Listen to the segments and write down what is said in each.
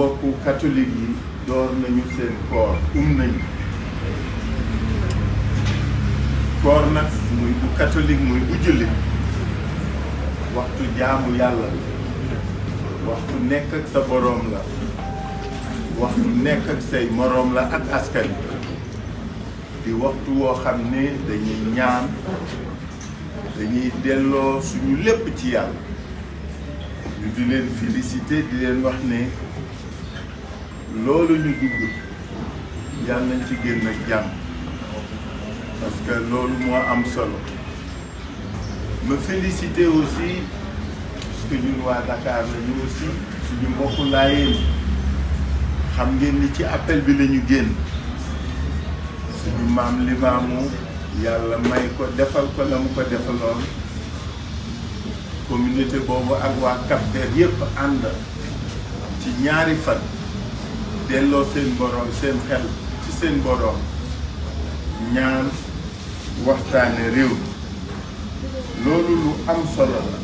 mbokku catholique yi door nañu seen koor um nañu koor nag muy bu catholique muy bu jullit waxtu jaamu yàlla la waxtu nekk ak sa boroom la waxtu nekk ak say moroom la ak askan di waxtu woo xam ne dañuy ñaan dañuy delloo suñu lépp ci yàlla ñu di leen félicité di leen wax ne loolu ñu dugg yàlla nañ ci génn ak jàmm parce loolu moo am solo ma félicité aussi parce que ñun waa Dakar lañu aussi suñu mbokku laayeen xam ngeen ni ci appel bi lañu génn suñu maam Limaamu yàlla may ko defal ko la mu ko defaloon communauté boobu ak waa Cap Vert yépp ànd ci ñaari fat delloo seen boroom seen xel ci seen boroom ñaan waxtaane réew loolu lu am solo la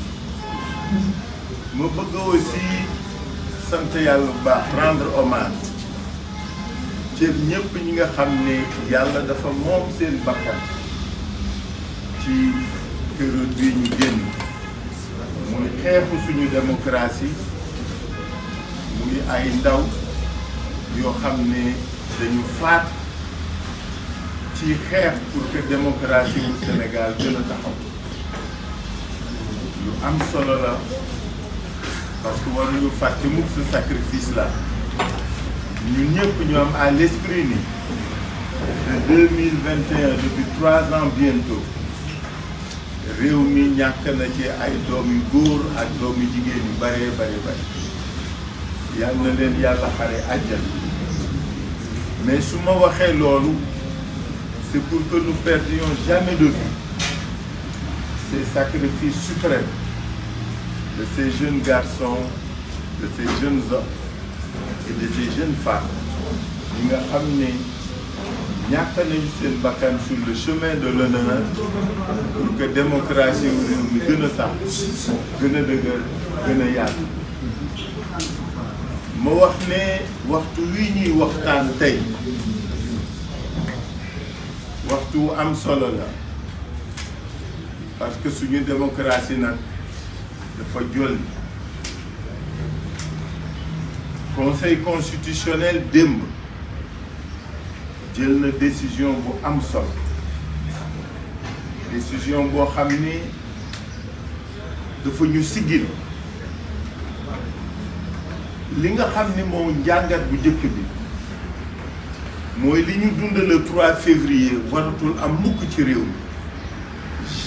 ma bëgg aussi sant yàlla bu baax rendre hommage ci ñépp ñi nga xam ne yàlla dafa moom seen bakkan ci période bii ñu génn muy xeexu suñu démocratie muy ay ndaw yoo xam ne dañu faat ci xeex pour que démocratie bu Sénégal gën a taxaw lu am solo la parce que waruñu fàtte mukk ce sacrifice la ñun ñëpp ñu am à l'esprit ni de deux mille vingt et un depuis trois ans bientôt réew mi ñàkk na ci ay doom yu góor ak doom yu jigéen yu bëree bëri bëri yal na leen yàlla xare àjjal mais su ma waxee loolu c'est pour que nous perdions jamais de vue ces sacrifices suprêmes de ces jeunes garçons de ces jeunes hommes et de ces jeunes femmes yi nga xam ne ñàkk nañu seen bakkan sur le chemin de l'honneur pour que démocratie wu réew mi gën a sax gën a dëgër gën a yaatu ma wax ne waxtu wi ñuy waxtaan tey waxtu wu am solo la parce que suñu démocratie nag dafa jol conseil constitutionnel démb jël na décision bu am solo décision boo xam ni dafa ñu siggil li nga xam ni moom njàngat bu njëkk bi mooy li ñu dund le 3 février waratul am mukk ci réew mi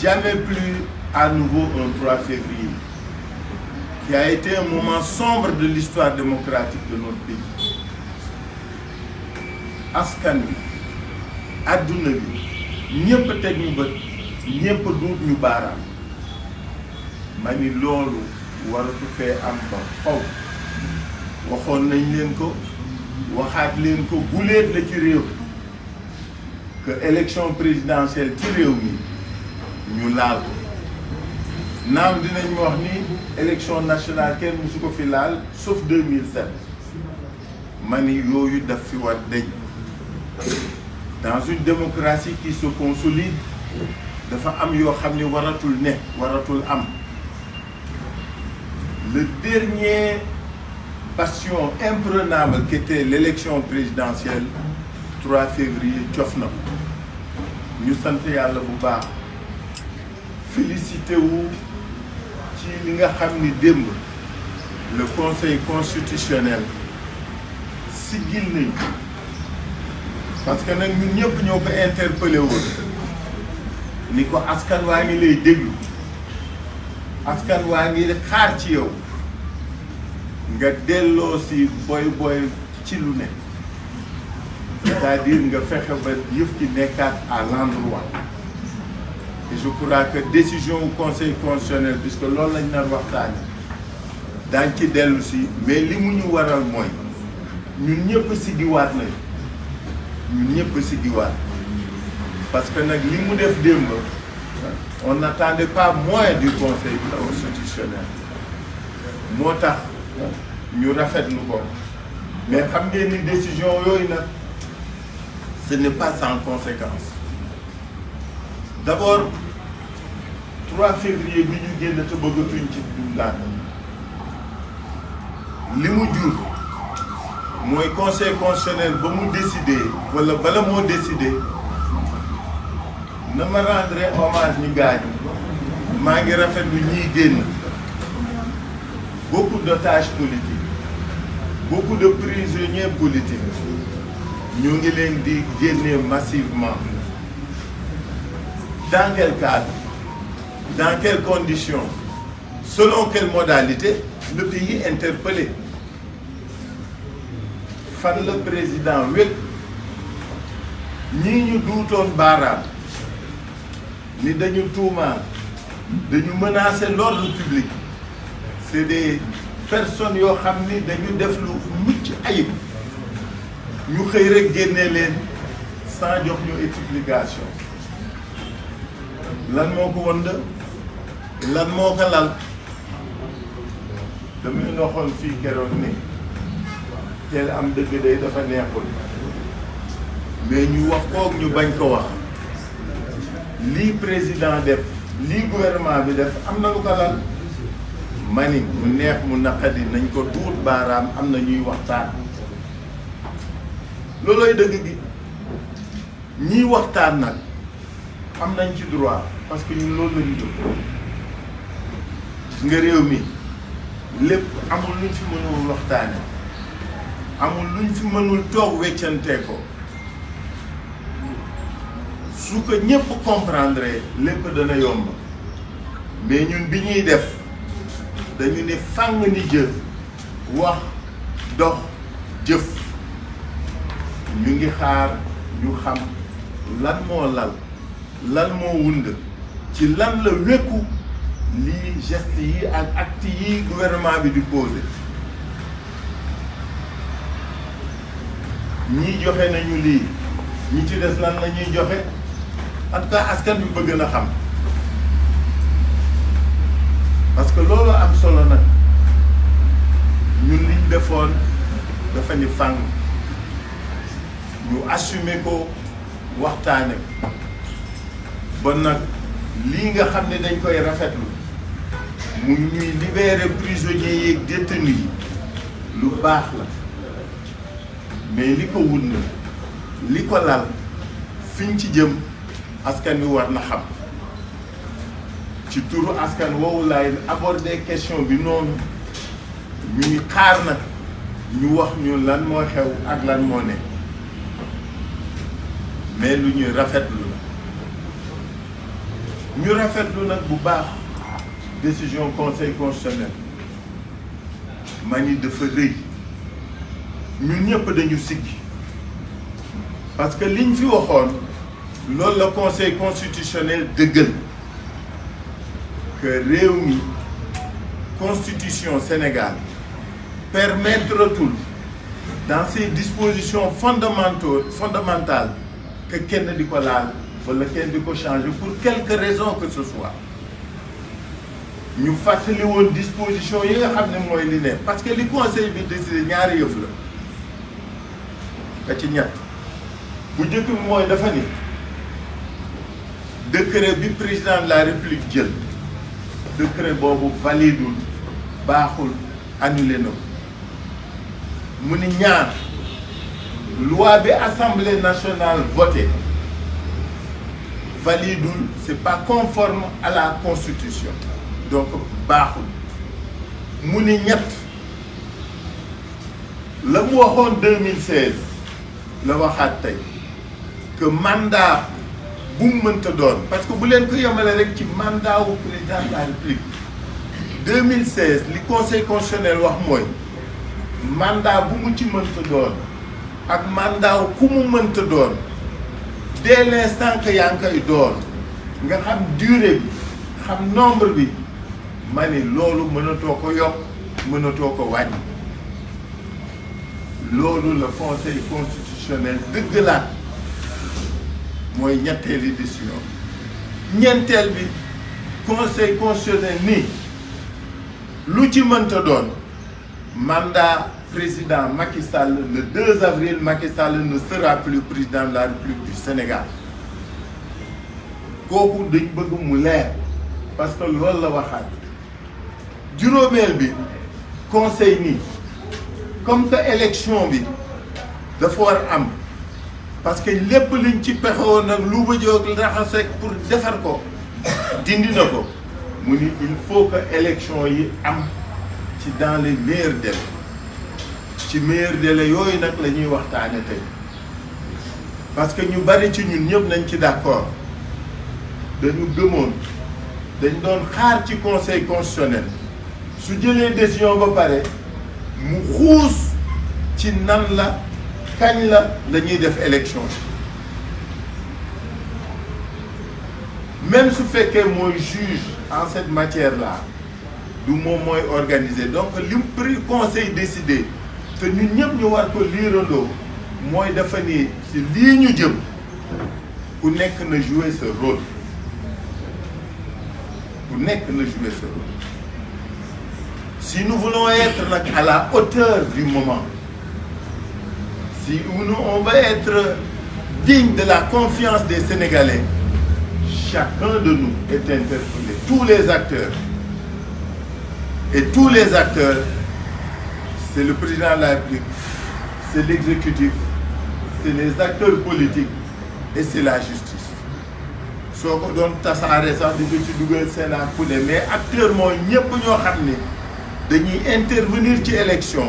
jamais plus à nouveau un 3 février qui a été un moment sombre de l'histoire démocratique de notre pays askan bi adduna bi ñëpp teg ñu bët ñëpp duut ñu baaraam ma ni loolu waratu fee am ba faw waxoon nañ leen ko waxaat leen ko guleet la ci réew que élection présidentielle ci réew mi ñu laal ko naam dinañ wax ni élection nationale kenn musu ko fi laal sauf 2007 ma ni yooyu daf fi war dañ dans une démocratie qui se consolide dafa am yoo xam ni waratul ne waratul am le dernier passion imprenable qu'était l'élection présidentielle 3 février cof na ko ñu sant yàlla bu baax félicité wu ci li nga xam ni démb le conseil constitutionnel siggil nañu parce que nag ñun ñëpp ñoo ko interpellé woon ni ko askan waa ngi lay déglu askan waa ngi xaar ci yow nga delloo si boy boy ci lu ne cest à nga fexe ba yëf ci nekkaat à l'endroit et je crois que décision wu conseil constitutionnel puisque loolu lañ nar waxtaani daañ ci dellusi si mais li mu ñu waral mooy ñun ñëpp si diwaat nañ ñun ñëpp si diwaat parce que nag li mu def démb on n'attendait pas moins du conseil constitutionnel moo tax ñu rafetlu ko mais xam ngeen ni décision yooyu nag ce n'est pas sans conséquence d'abord 3 février bi ñu génn te bëggatuñ ci dundaat li mu jur mooy conseil constitutionnel ba mu décider wala bala moo décider na ma rendre hommage ñu gaañu maa ngi rafetlu ñiy génn. beaucoup d'otages politiques beaucoup de prisonniers politiques ñu ngi leen di génne massivement dans quel cadre dans quelles condition selon quelle modalité le pays interpellé fan la président wékk ñii ñu duutoon baaraam ni dañu tuumaal dañu menacer l'ordre public c'est des personnes yoo xam ni dañu def lu mucc ayib ñu xëy rek génnee leen sans jox ñu explication lan moo ko wënd lan moo ko lal damay noxoon fii keroog ni teel am dëgg day dafa neexul mais ñu wax koog ñu bañ ko wax lii président def lii gouvernement bi def am na lu ko lal ma ni mu neex mu naqadi nañ ko tuut baaraam am na ñuy waxtaan loolooy dëgg gi ñiy waxtaan nag am nañ ci droit parce que ñun loolu lañu jóg nga réew mi lépp amul luñ fi mënul waxtaane amul luñ fi mënul toog weccante ko su ko ñëpp comprendre lépp dana yomb mais ñun bi ñuy def dañu ne fàng ni jëf wax dox jëf ñu ngi xaar yu xam lan moo lal lan moo wund ci lan la wékku lii geste yi ak acte yi gouvernement bi di posé ñii joxe nañu lii ñi ci des lan la ñuy joxe hatta askan bi bëgg na xam parce que loolu am solo nag ñu liñ defoon dafa ni fànn ñu assumer ko waxtaane ko ba nag lii nga xam ne dañ koy rafetlu mu ñuy libérer prisonniers yeeg détenus yi lu baax la mais li ko wund li ko lal fiñ ci jëm askan wi war na xam ci turu askan woowu laay question bi noonu ñuy xaar nag ñu wax ñu lan moo xew ak lan moo ne mais lu ñuy rafetlu la ñu rafetlu nag bu baax décision conseil constitutionnel ma ni dafa rëy ñun ñëpp dañu siggi parce que liñ fi waxoon loolu la conseil constitutionnel dëggal. réew mi constitution Sénégal permettre tout dans ses dispositions fondamentaux fondamentales que kenn di ko laal wala kenn di ko changer pour quelque raison que ce soit ñu fàttali woon disposition yi nga xam ne mooy li ne parce que li conseil bi décidé ñaari yëf la da ci ñett bu njëkk bi mooy dafa ni décret bi président la république jël décret boobu validul baaxul annulé mu ni ñaar loi bi assemblée nationale votée validul c'est pas conforme à la constitution donc baaxul mu ni ñett la mu waxoon la waxaat tey que mandat bu mu mënta doon parce que bu leen ko yemale rek ci mandat wu président de la république 2016 li conseil constitutionnel wax mooy mandat bu mu ci mënta doon ak mandat wu ku mu mënta doon dès l' instant yaa ngi koy doon nga xam durée bi xam nombre bi ma ni loolu mënatoo ko yokk mënatoo ko wàññi loolu la conseil constitutionnel dëgg la. mooy ñetteeli décision ñeenteel bi conseil constitutionnel ni lu ci mënta doon mandat président Macky Sall le 2 avril Macky Sall ne sera président la République du Sénégal kooku dañ bëgg mu leer parce que loolu la waxaat juróomeel bi conseil nii comme que élection bi dafa war am parce que lépp liñ ci pexewoon nag lu ba jóg raxaseeg pour defar ko dindi na ko mu ni il faut que élection yi am ci dans les meilleurs délais ci meilleurs délais yooyu nag lañuy ñuy waxtaane tey parce que ñu bari ci ñun ñëpp nañ ci d'accord dañu gëmoon dañ doon xaar ci conseil constitutionnel su jëlee décision ba pare mu xuus ci nan la kañ la la def élection même su fekkee mooy juge en cette matière là du moom mooy organiser donc li mu conseil décidé te ñun ñëpp ñu war ko liirandoo mooy dafa ni si lii ñu jëm ku nekk na jouer ce rôle ku nekk na jouer ce rôle si nous voulons être nag à hauteur du moment si nous, on veut être digne de la confiance des Sénégalais, chacun de nous est interpellé, tous les acteurs. Et tous les acteurs, c'est le président de la République, c'est l'exécutif, c'est les acteurs politiques et c'est la justice. soo ko doon tasaare sax di ko ci dugal Sénat fu ne mais acteur mooy ñëpp ñoo xam ne dañuy intervenir ci élection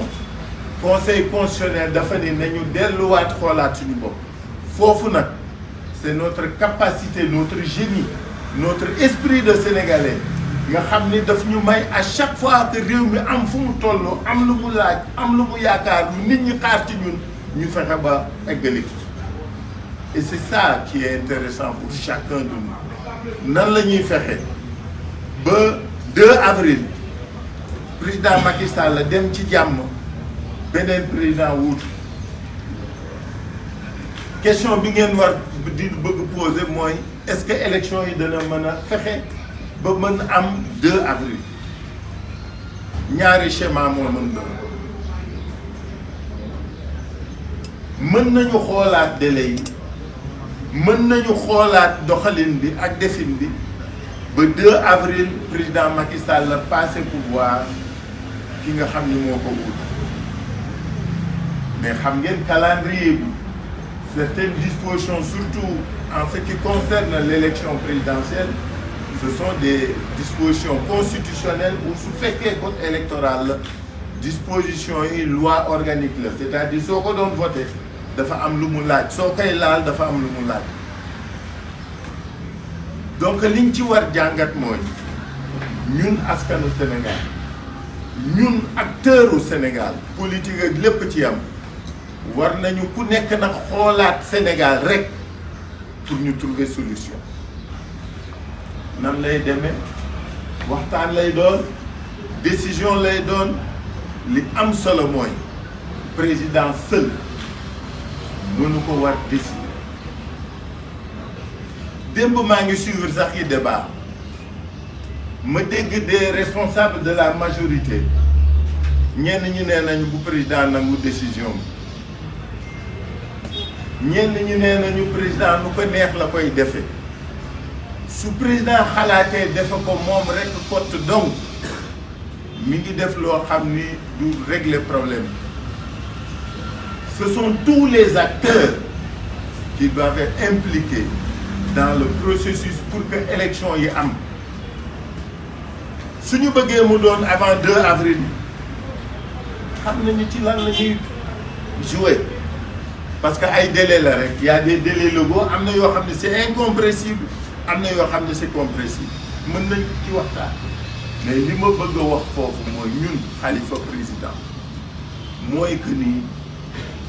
conseil constitutionnel dafa ne nañu delluwaat xoolaat suñu bopp foofu nag c'est notre capacité notre génie notre esprit de sénégalais nga xam ni daf ñu may à chaque fois que réew mi am fu mu toll am lu mu laaj am lu mu yaakaar lu nit ñi xaar ci ñun ñu fexe ba eggali et c'est ça qui est intéressant pour chacun de nous nan la ñuy fexe ba 2 avril président Macky la dem ci jàmm beneen président wuutu question bi ngeen war di bëgg poser mooy est-ce que élection yi dana mën a fexe ba mën am 2 avril ñaari schéma moo mën doon mën nañu xoolaat délai yi mën nañu xoolaat doxalin bi ak defin bi ba 2 avril président Macky Sall la passé pouvoir ki nga xam ni moo ko wut mais xam ngeen calendrier bi certaines dispositions surtout en ce qui concerne l'élection présidentielle ce sont des disposition constitutionnelles ou su fekkee code électoral la disposition yi loi organique la cest à di soo ko doon voté dafa am lu mu laaj soo koy laal dafa am lu mu laaj donc liñ ci war jàngat mooy ñun askanu Sénégal ñun acteuru Sénégal politique ak lépp ci am war nañu ku nekk na xoolaat Sénégal rek pour ñu trouver solution nan lay demee waxtaan lay doon décision lay doon li am solo mooy président seul mënu ko war décider démb maa ngi suivre sax yi débat ma dégg des responsable de la majorité ñenn ñi nee nañu bu président nangu décision bi ñenn ñu nee nañu président nu ko neex la koy defe su président xalaatee defe ko moom rek kott donc mu ngi def loo xam ni du régler problème ce sont tous les acteurs qui doivent être impliqués dans le processus pour que élection yi am suñu bëggee mu doon avant 2 avril xam nañu ci lan la ñuy jouer parce que ay délais la rek y a des délais légaux am na yoo xam am c'est incompressible am na yoo xam ne c'est compressible mën nañ ci waxtaan mais li ma bëgg a wax foofu mooy ñun xalifa président mooy que ni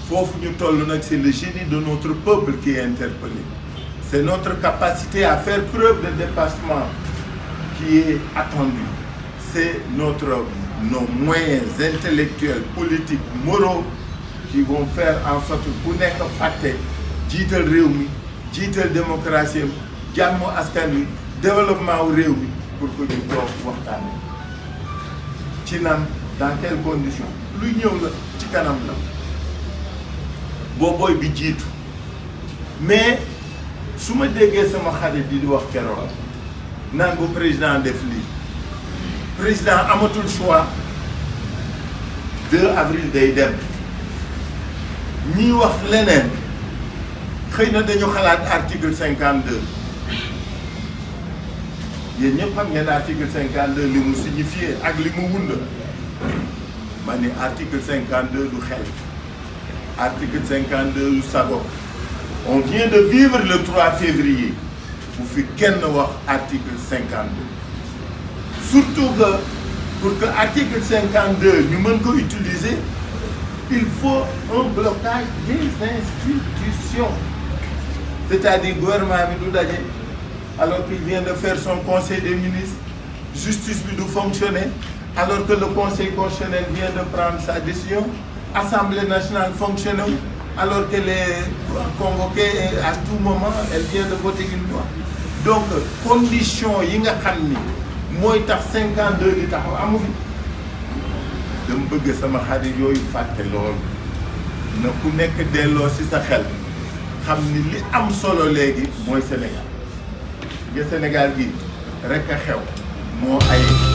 foofu ñu tol nag c'est le génie de notre peuple qui est interpellé c'est notre capacité à faire preuve de dépassement qui est attendue c'est notre nos moyens intellectuels politiques moraux qui vont faire en sorte ku nekk fàtte jiital réew mi jiital démocratie am jàmm askan wi développement wu réew mi pour que ñu toog waxtaanee ci nan dans quelles conditions luy ñëw la ci kanam la boo bi jiitu mais su ma déggee sama xarit di di wax keroog naan bu président def lii président amatul choix 2 avril day dem. ñuy wax leneen xëy na dañu xalaat article cinquante deux yéen ñëpp xam ngeen article cinquante deux li mu signifié ak li mu wund ma ni article cinquante deux du xel article cinquante deux du sago on vient de vivre le 3 février bu fi kenn wax article cinquante deux surtout que pour que article cinquante deux ñu mën ko utiliser il faut un blocage des institutions c'est-à-dire gouvernement bi du daje alors qu'il vient de faire son conseil des ministres justice bi du fonctionner alors que le conseil constitutionnel vient de prendre sa décision assemblée nationale fonctionne alors qu'elle est convoquée et à tout moment elle vient de voter une loi donc condition yi nga xam ni mooy tax 52 li taxaw amu dama bëgg sama xarit yooyu fàtte loolu na ku nekk delloo ci sa xel xam ni li am solo léegi mooy Sénégal nga Sénégal gi rekk a xew moo ay